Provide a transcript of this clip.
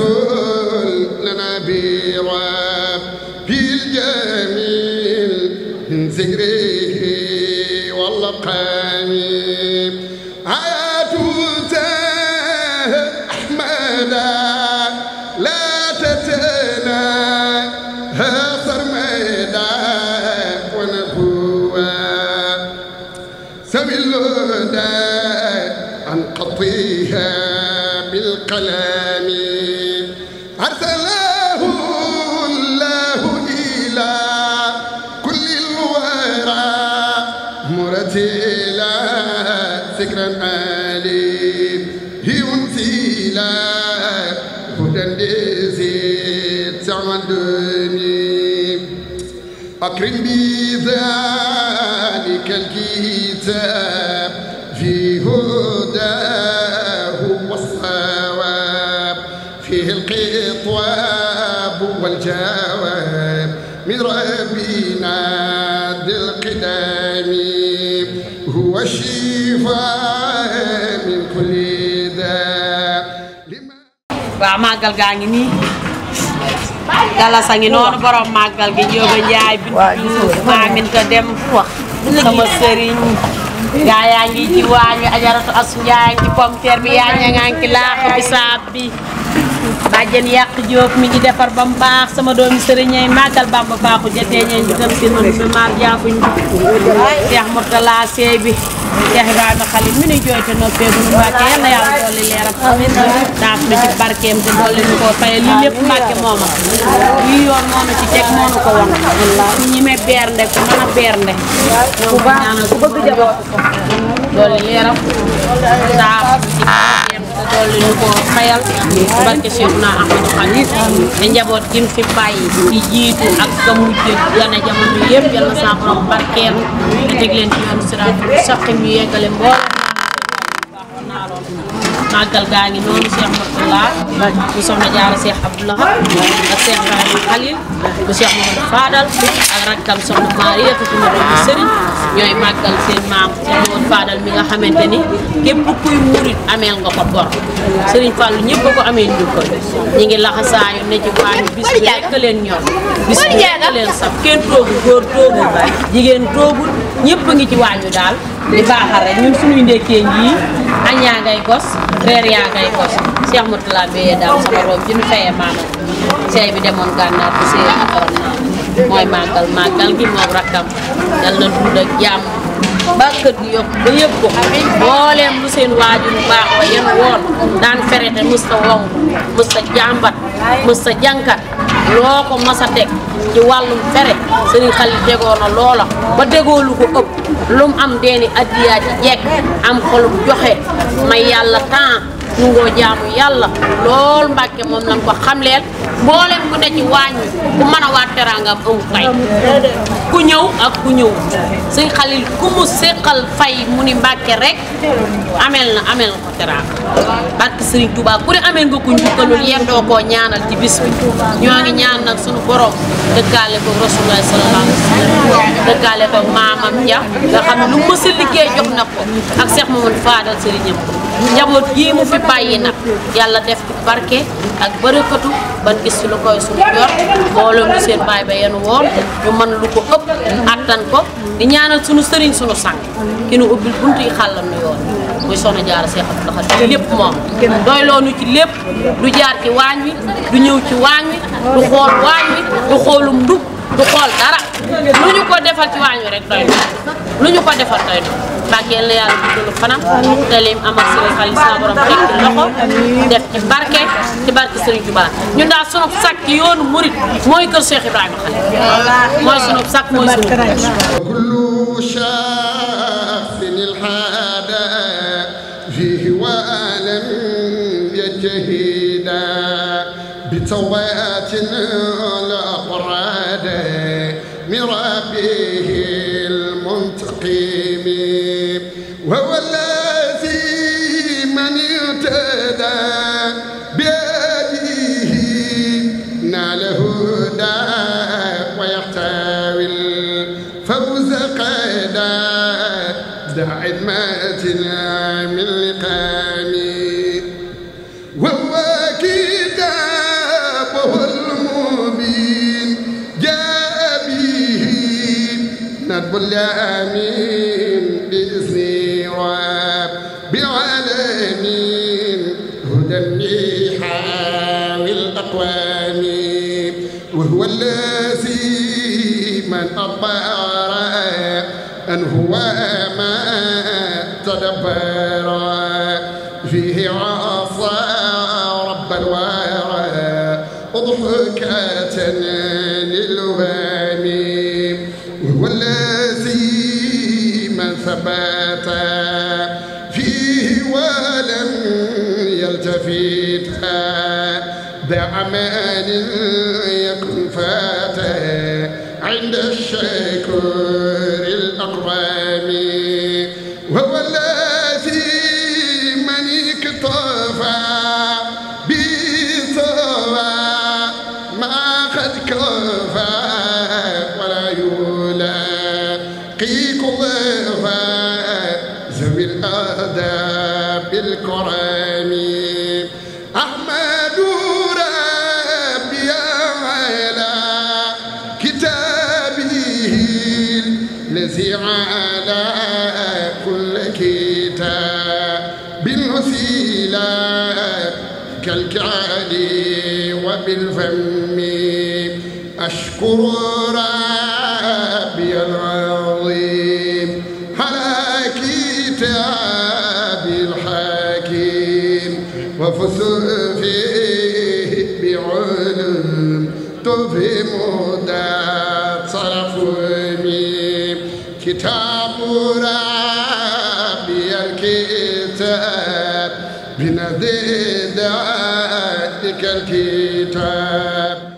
الرسول لنا بيرا بالجميل من ذكره واللقام حياة أحمد لا تتنا صرمدا ونبوة سبيل الهدى عن قطيها بالقلم ذكرا عليم هيون سيلا هدى لزيد تعمدني أكرم بذلك الكتاب في هداه والصواب فيه القطواب والجواب من ربنا ذي القدام هو الشفاء gaa ngi nii Gallas a ngi noonu borom màggal gi Jóoba Njaay bintu Juuf Aminta dem wax sama sëriñ gaa yaa ngi ci waañ wi ajaratu asu Njaay ci pomteer bi yaa ñangaan ki laax bisaab bi bàjjen yàq Diop mi ngi defar ba mu baax sama doomi sëriñ ñay màggal Bamba baaxu jotee ñay njëkk si noonu bi maam jaafuñ Cheikh Mourtala Sey bi Cheikh Ibrahima Khalil mi nuy jooy te noppee bu nu Mbàkke yal na yàlla dolli leeram daaf na ci barkeem te dolli ñu koo fayal lii lépp Mbàkke mooma lii yoon mooma ci teg moonu ko won ku ñime bernde ku mën a bernde ku bëgg jabar dolli leeram daaf ci dolli ñu ko fayal barke Seexuna Ahmadu Xaadim da njaboot gim fi bàyyi ci jiitu ak ka mujj gën a jamono yëpp yàlla na sa borom barkeel te teg leen ci yoonu siraatul mustaqiim ñu yeggale mbooloo baaxoon naa lool màggal gaa ngi noonu Cheikh Mourtala bu soxna Jaara Cheikh Abdoulaye ak Cheikh Ibrahima Khalil bu Cheikh Mouhamadou Fadal ak rakkam soxna Maria fi mu doon sëriñ ñooy màggal seen maam Cheikh Mouhamadou Fadal mi nga xamante ni képp kuy murit ameel nga ko bor sëriñ Fallou ñëpp ko amee njukkal ñi ngi laxasaayu ne ci waañ bis bi rekk leen ñor bis bi rekk leen saf kenn toogu góor toogu jigéen toogu ñëpp ngi ci waañu daal di baaxal rek ñun suñuy ndekkee njii añ yaa ngay gos reer yaa ngay gos Cheikh Moutala Beye daaw sama room ji ñu fayee maamam seey bi demoon gànnaar bi seey bi xorom naa mooy màggal màggal gi moom rakkam dal na dund ak jàmm kër gi yokk ba yëpp ko mbooleem lu seen waajur bu baax ba woon daan ferete mës ta wow mës ta jàmbat mës ta jànkat a teg ci wàllum fere sëriñ Xalil tegoo na loola ko ëpp lu am deeni addiyaa ci jekk am xolum joxe may yàlla temps ñu ngoo jaamu yàlla lool Mbàkke moom lañ ko xamleel mboolem ku ne ci wàññi ku mën a waat teraangaam amul fay ku ñëw ak ku ñëw sëñ Xalil ku mu séqal fay mu ni Mbàkke rek ameel na ameel na ko teraanga barke sëriñ Tuubaa ku ne ameel nga ko njukkalul yem doo koo ñaanal ci bis bi ñoo ngi ñaan nag suñu borom dëkkaale ko Rasulullah sallallahu alayhi wa sallam maamam ja nga xam ne lu liggéey jox na ko ak Seex Mamadu Faadal sëriñam njaboot yii mu fi yi nag yàlla def ci barke ak bërëkatu ba gis ci lu koy suñu jot mbooloo mi seen baay ba yenu woon ñu mën lu ko ëpp attan ko di ñaanal sunu sëriñ suñu sang ki nu ubbil bunt yi xàllam nu yoon muy soxna jaar Seex Abdu Xaadir ci lépp moom doy loonu ci lépp du jaar ci waañ wi du ñëw ci waañ wi du xool waañ wi du xoolum ndub du xool dara lu ñu ko defal ci waañ wi rek doy lu ñu ko defal doy Mbacke yal na yàlla guddal fanam te lim am ak sëriñ Xaliil sama borom teg ci loxo def ci barke ci barke Sëriñ Tuuba ñun daal sunu sàkk ci yoonu murit mooy kër Cheikh Ibrahima Xaliil mooy sunu sàkk mooy sunu kullu shaafin ilhaada fihi wa alam yajhida bi tawaatin la aqraada min rabbihi al-muntaqim فوز قيدا دع عدمتنا من لقامي وهو كتابه المبين جاء به ندب الأمين بإذن رب بعالمين هدى النحاء الأقوام وهو الذي من أطاع أن هو ما تدبر فيه عصى رب الورى ضحكة للوام وهو الذي من ثبت فيه ولم يلتفت دع من يكن فاته عند الشكر الأقوام وهو الذي من اكتفى بسوى ما قد كفى ولا يلاقي كفى ذوي الآداب الكرام أحمد نسي على كل كتاب بالوسيلة كالكعاد وبالفم أشكر ربي العظيم على كتاب الحكيم وفسر فيه بعلم تفهم ذات صرفه كتاب ربي الكتاب بنذير ذلك الكتاب